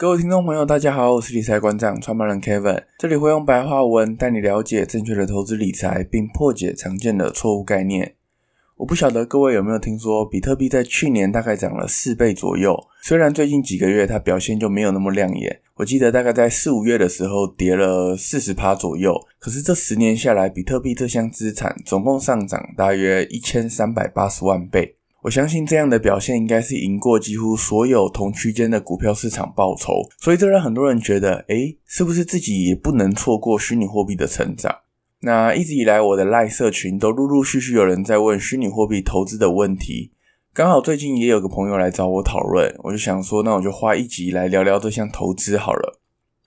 各位聽眾朋友，大家好，我是理財館長、創辦人 Kevin，這裡會用白話文帶你了解正確的投資理財，並破解常見的錯誤概念。我不曉得各位有沒有聽說，比特幣在去年大概漲了四倍左右。雖然最近幾個月它表現就沒有那麼亮眼，我記得大概在四五月的時候跌了四十趴左右。可是這十年下來，比特幣這項資產總共上漲大約一千三百八十萬倍。我相信這樣的表現應該是贏過幾乎所有同區間的股票市場報酬，所以這讓很多人覺得，哎、欸，是不是自己也不能錯過虛擬貨幣的成長？那一直以來，我的 LINE 社群都陸陸續續有人在問虛擬貨幣投資的問題，剛好最近也有個朋友來找我討論，我就想說，那我就花一集來聊聊這項投資好了。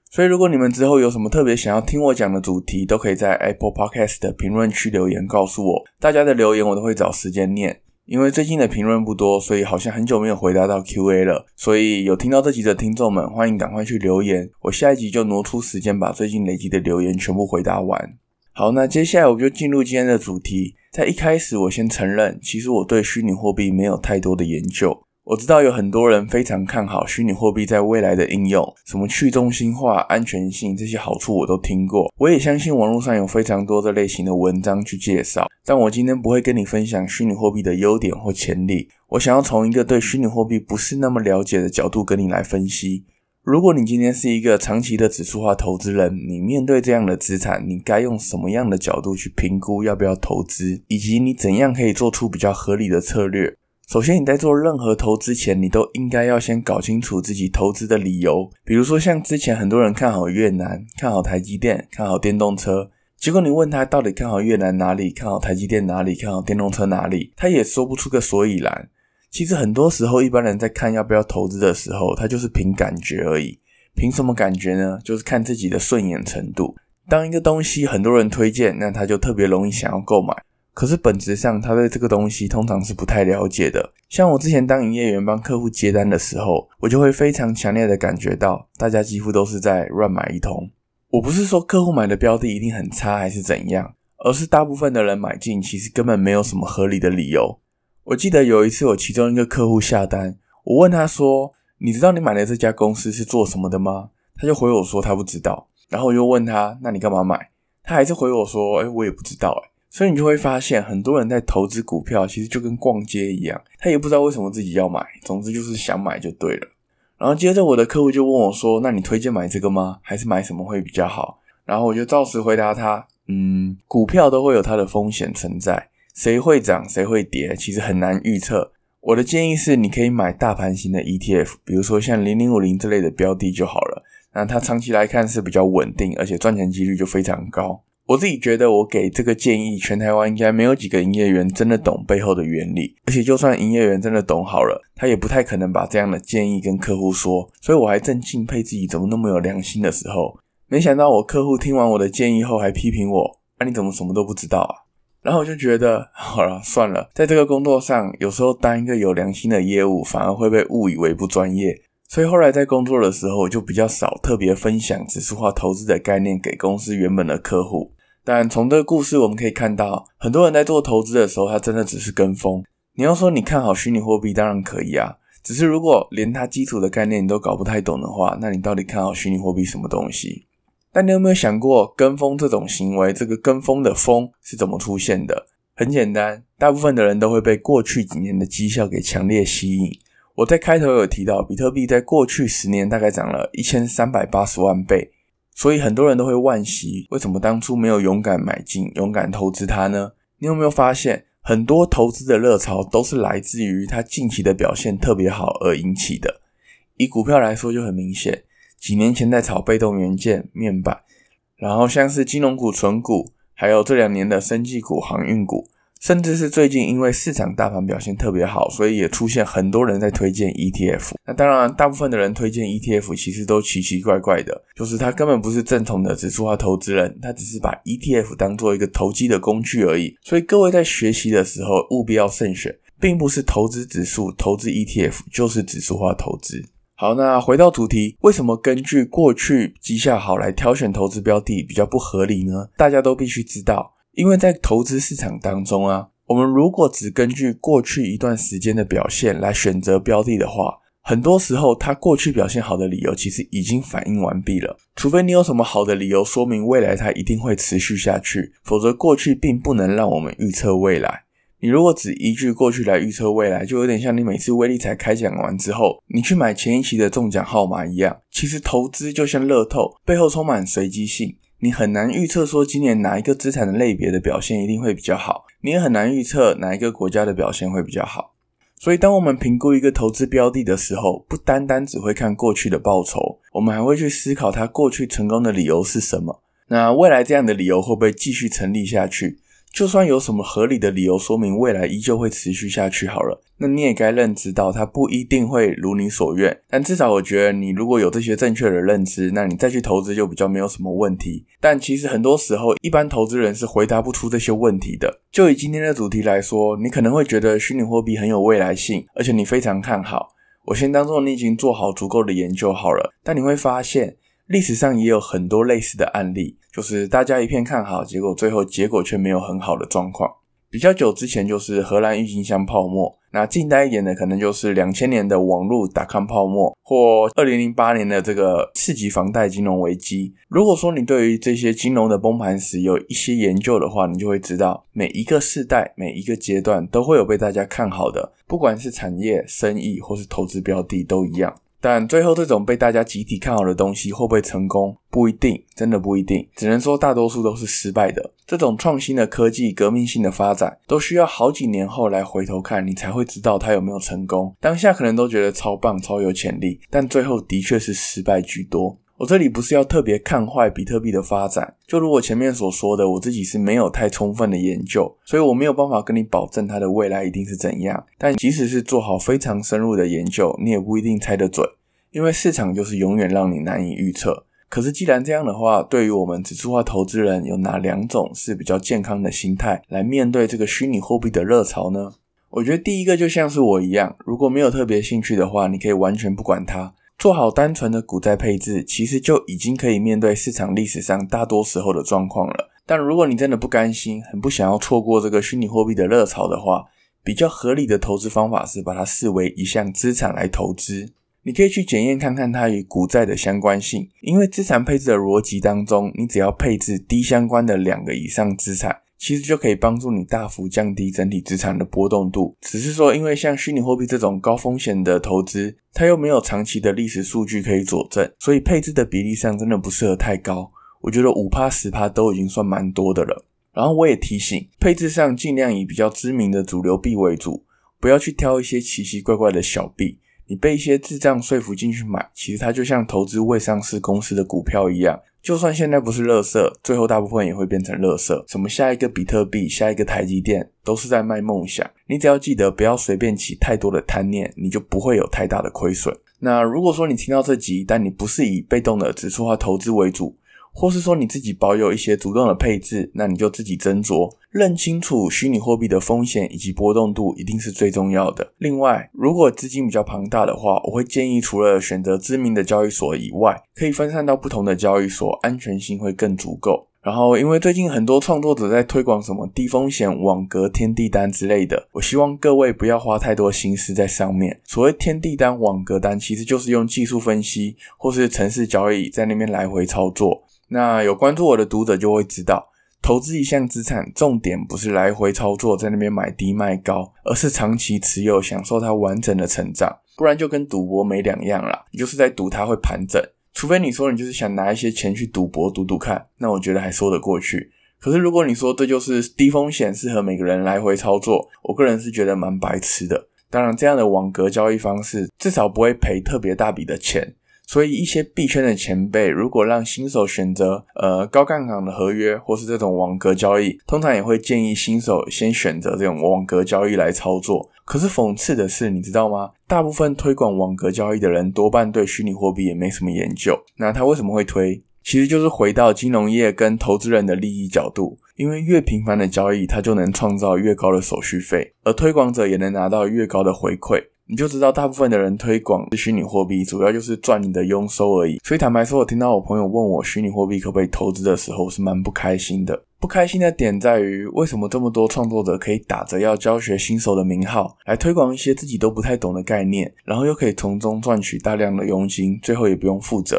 所以，如果你們之後有什麼特別想要聽我講的主題，都可以在 Apple Podcast 的評論區留言告訴我，大家的留言我都會找時間念。因為最近的評論不多，所以好像很久沒有回答到 QA 了。所以有聽到這集的聽眾們，歡迎趕快去留言，我下一集就挪出時間把最近累積的留言全部回答完。好，那接下來我們就進入今天的主題。在一開始，我先承認，其實我對虛擬貨幣沒有太多的研究。我知道有很多人非常看好虛擬貨幣在未來的應用，什麼去中心化、安全性這些好處我都聽過。我也相信網絡上有非常多的類型的文章去介紹，但我今天不會跟你分享虛擬貨幣的優點或潛力。我想要從一個對虛擬貨幣不是那麼了解的角度跟你來分析。如果你今天是一個長期的指數化投資人，你面對這樣的資產，你該用什麼樣的角度去評估要不要投資，以及你怎樣可以做出比較合理的策略。首先，你在做任何投資前，你都應該要先搞清楚自己投資的理由。比如說，像之前很多人看好越南、看好台積電、看好電動車，結果你問他到底看好越南哪裡、看好台積電哪裡、看好電動車哪裡，他也說不出個所以然。其實很多時候，一般人在看要不要投資的時候，他就是憑感覺而已。憑什麼感覺呢？就是看自己的順眼程度。當一個東西很多人推薦，那他就特別容易想要購買。可是本質上，他對這個東西通常是不太了解的。像我之前當營業員幫客戶接單的時候，我就會非常強烈的感覺到，大家幾乎都是在亂買一通。我不是說客戶買的標的一定很差還是怎樣，而是大部分的人買進其實根本沒有什麼合理的理由。我記得有一次，我其中一個客戶下單，我問他說：“你知道你買的這家公司是做什麼的嗎？”他就回我說他不知道，然後我又問他：“那你幹嘛買？”他還是回我說：“哎，我也不知道。”哎。所以你就會發現，很多人在投資股票，其實就跟逛街一樣，他也不知道為什麼自己要買，總之就是想買就對了。然後接着我的客戶就問我說：“那你推薦買這個嗎？還是買什麼會比較好？”然後我就照實回答他：“嗯，股票都會有它的風險存在，誰會漲，誰會跌，其實很難預測。我的建議是，你可以買大盤型的 ETF，比如說像零零五零這類的標的就好了。那它長期來看是比較穩定，而且賺錢幾率就非常高。”我自己覺得，我給這個建議，全台灣應該沒有幾個營業員真的懂背後的原理。而且，就算營業員真的懂好了，他也不太可能把這樣的建議跟客戶說。所以我還正敬佩自己怎麼那麼有良心的時候，沒想到我客戶聽完我的建議後還批評我，啊：“那你怎麼什麼都不知道啊？”然後我就覺得，好了，算了，在這個工作上，有時候當一個有良心的業務，反而會被誤以為不專業。所以後來在工作的時候，我就比較少特別分享指數化投資的概念給公司原本的客戶，但從這個故事我們可以看到，很多人在做投資的時候，他真的只是跟風。你要說你看好虛擬貨幣，當然可以啊，只是如果連它基礎的概念你都搞不太懂的話，那你到底看好虛擬貨幣什麼東西？但你有沒有想過，跟風這種行為，這個跟風的風是怎麼出現的？很簡單，大部分的人都會被過去幾年的績效給強烈吸引。我在開頭有提到，比特幣在過去十年大概漲了一千三百八十萬倍，所以很多人都會惋惜，為什麼當初沒有勇敢買進、勇敢投資它呢？你有沒有發現，很多投資的熱潮都是來自於它近期的表現特別好而引起的？以股票來說就很明顯，幾年前在炒被動元件、面板，然後像是金融股、存股，還有這兩年的生技股、航運股。甚至是最近，因為市場大盤表現特別好，所以也出現很多人在推薦 ETF。那當然，大部分的人推薦 ETF，其實都奇奇怪怪的，就是他根本不是正統的指數化投資人，他只是把 ETF 當做一個投機的工具而已。所以各位在學習的時候，務必要慎選，並不是投資指數、投資 ETF 就是指數化投資。好，那回到主題，為什麼根據過去績效好來挑選投資標的比較不合理呢？大家都必須知道。因為在投資市場當中啊，我們如果只根據過去一段時間的表現來選擇標的的話，很多時候它過去表現好的理由其實已經反映完畢了。除非你有什麼好的理由說明未來它一定會持續下去，否則過去並不能讓我們預測未來。你如果只依據過去來預測未來，就有點像你每次威力彩開獎完之後，你去買前一期的中獎號碼一樣。其實投資就像樂透，背後充滿隨機性。你很難預測說今年哪一個資產的類別的表現一定會比較好，你也很難預測哪一個國家的表現會比較好。所以，當我們評估一個投資標的的時候，不單單只會看過去的報酬，我們還會去思考它過去成功的理由是什麼。那未來這樣的理由會不會繼續成立下去？就算有什麼合理的理由說明未來依舊會持續下去好了，那你也該認知到它不一定會如你所願。但至少我覺得，你如果有這些正確的認知，那你再去投資就比較沒有什麼問題。但其實很多時候，一般投資人是回答不出這些問題的。就以今天的主題來說，你可能會覺得虛擬貨幣很有未來性，而且你非常看好。我先當做你已經做好足夠的研究好了，但你會發現。歷史上也有很多類似的案例，就是大家一片看好，結果最後結果卻沒有很好的狀況。比較久之前就是荷蘭鬱金香泡沫，那近代一點的可能就是兩千年的網絡達康泡沫，或二零零八年的這個次級房貸金融危機。如果說你對於這些金融的崩盤史有一些研究的話，你就會知道，每一個時代、每一個階段都會有被大家看好的，不管是產業、生意或是投資標的都一樣。但最後，這種被大家集體看好的東西，會不會成功？不一定，真的不一定。只能說大多數都是失敗的。這種創新的科技、革命性的發展，都需要好幾年後來回頭看，你才會知道它有沒有成功。當下可能都覺得超棒、超有潛力，但最後的確是失敗居多。我這裡不是要特別看壞比特幣的發展，就如我前面所說的，我自己是沒有太充分的研究，所以我沒有辦法跟你保證它的未來一定是怎樣。但即使是做好非常深入的研究，你也不一定猜得準，因為市場就是永遠讓你難以預測。可是既然這樣的話，對於我們指數化投資人，有哪兩種是比較健康的心態來面對這個虛擬貨幣的熱潮呢？我覺得第一個就像是我一樣，如果沒有特別興趣的話，你可以完全不管它。做好單純的股債配置，其實就已經可以面對市場歷史上大多時候的狀況了。但如果你真的不甘心，很不想要錯過這個虛擬貨幣的熱潮的話，比較合理的投資方法是把它視為一項資產來投資。你可以去檢驗看看它與股債的相關性，因為資產配置的邏輯當中，你只要配置低相關的兩個以上資產。其實就可以幫助你大幅降低整體資產的波動度，只是說，因為像虛擬貨幣這種高風險的投資，它又沒有長期的歷史數據可以佐證，所以配置的比例上真的不適合太高。我覺得五趴十趴都已經算蠻多的了。然後我也提醒，配置上儘量以比較知名的主流幣為主，不要去挑一些奇奇怪怪的小幣。你被一些智障說服進去買，其實它就像投資未上市公司的股票一樣，就算現在不是垃圾，最後大部分也會變成垃圾。什麼下一個比特幣、下一個台積電，都是在賣夢想。你只要記得不要隨便起太多的貪念，你就不會有太大的虧損。那如果說你聽到這集，但你不是以被動的指數化投資為主，或是說你自己保有一些主動的配置，那你就自己斟酌。認清楚虛擬貨幣的風險以及波動度一定是最重要的。另外，如果資金比較龐大的話，我會建議除了選擇知名的交易所以外，可以分散到不同的交易所，安全性會更足夠。然後，因為最近很多創作者在推廣什麼低風險網格、天地單之類的，我希望各位不要花太多心思在上面。所謂天地單、網格單，其實就是用技術分析或是程式交易在那邊來回操作那。那有關注我的讀者就會知道。投資一項資產，重點不是來回操作，在那邊買低賣高，而是長期持有，享受它完整的成長。不然就跟賭博沒兩樣啦，你就是在賭它會盤整。除非你說你就是想拿一些錢去賭博，賭賭看，那我覺得還說得過去。可是如果你說這就是低風險，適合每個人來回操作，我個人是覺得蠻白痴的。當然，這樣的網格交易方式至少不會賠特別大筆的錢。所以一些幣圈的前輩，如果讓新手選擇呃高槓桿的合約或是這種網格交易，通常也會建議新手先選擇這種網格交易來操作。可是諷刺的是，你知道嗎？大部分推廣網格交易的人，多半對虛擬貨幣也沒什麼研究。那他為什麼會推？其實就是回到金融業跟投資人的利益角度，因為越頻繁的交易，它就能創造越高的手續費，而推廣者也能拿到越高的回饋。你就知道，大部分的人推廣是虛擬貨幣，主要就是賺你的佣金而已。所以坦白說，我聽到我朋友問我虛擬貨幣可不可以投資的時候，是蠻不開心的。不開心的點在於，為什麼這麼多創作者可以打着要教學新手的名號，來推廣一些自己都不太懂的概念，然後又可以從中賺取大量的佣金，最後也不用負責。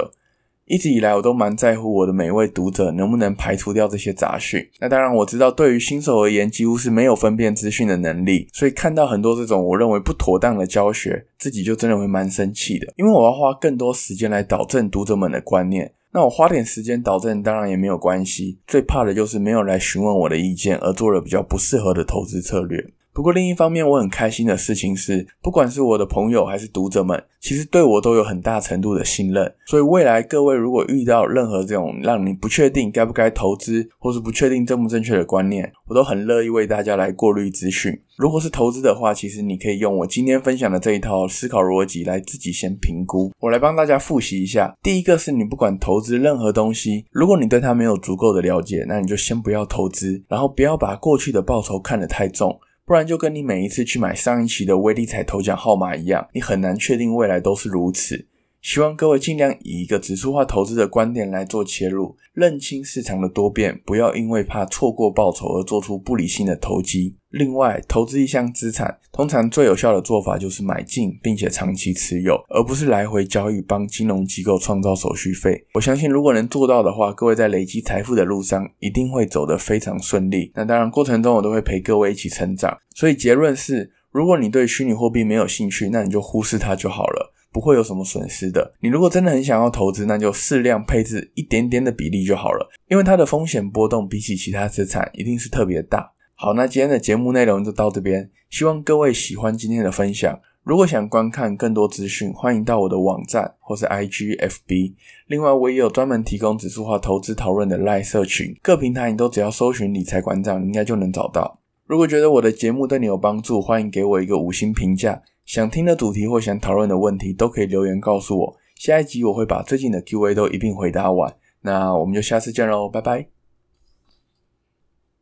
一直以來，我都蠻在乎我的每位讀者能不能排除掉這些雜訊。那當然，我知道對於新手而言，幾乎是沒有分辨資訊的能力，所以看到很多這種我認為不妥當的教學，自己就真的會蠻生氣的。因為我要花更多時間來導正讀者們的觀念。那我花點時間導正，當然也沒有關係。最怕的就是沒有來詢問我的意見，而做了比較不適合的投資策略。不過另一方面，我很開心的事情是，不管是我的朋友還是讀者們，其實對我都有很大程度的信任。所以未來各位如果遇到任何這種讓你不確定該不該投資，或是不確定正不正確的觀念，我都很樂意為大家來過濾資訊。如果是投資的話，其實你可以用我今天分享的這一套思考邏輯來自己先評估。我來幫大家複習一下，第一個是你不管投資任何東西，如果你對它沒有足夠的了解，那你就先不要投資，然後不要把過去的報酬看得太重。不然就跟你每一次去買上一期的威力彩頭獎號碼一樣，你很難確定未來都是如此。希望各位盡量以一個指數化投資的觀點來做切入，認清市場的多變，不要因為怕錯過報酬而做出不理性的投機。另外，投資一項資產，通常最有效的做法就是買進，並且長期持有，而不是來回交易，幫金融機構創造手續費。我相信，如果能做到的話，各位在累積財富的路上一定會走得非常順利。那當然，過程中我都會陪各位一起成長。所以結論是，如果你對虛擬貨幣沒有興趣，那你就忽視它就好了。不會有什麼損失的。你如果真的很想要投資，那就適量配置一點點的比例就好了，因為它的風險波動比起其他資產一定是特別大。好，那今天的節目內容就到這邊，希望各位喜歡今天的分享。如果想觀看更多資訊，歡迎到我的網站或是 IGFB。另外，我也有專門提供指數化投資討論的 LINE 社群，各平台你都只要搜尋理財館長，應該就能找到。如果覺得我的節目對你有幫助，歡迎給我一個五星評價。想聽的主題或想討論的問題，都可以留言告訴我。下一集我會把最近的 Q&A 都一並回答完。那我們就下次見嘍，拜拜。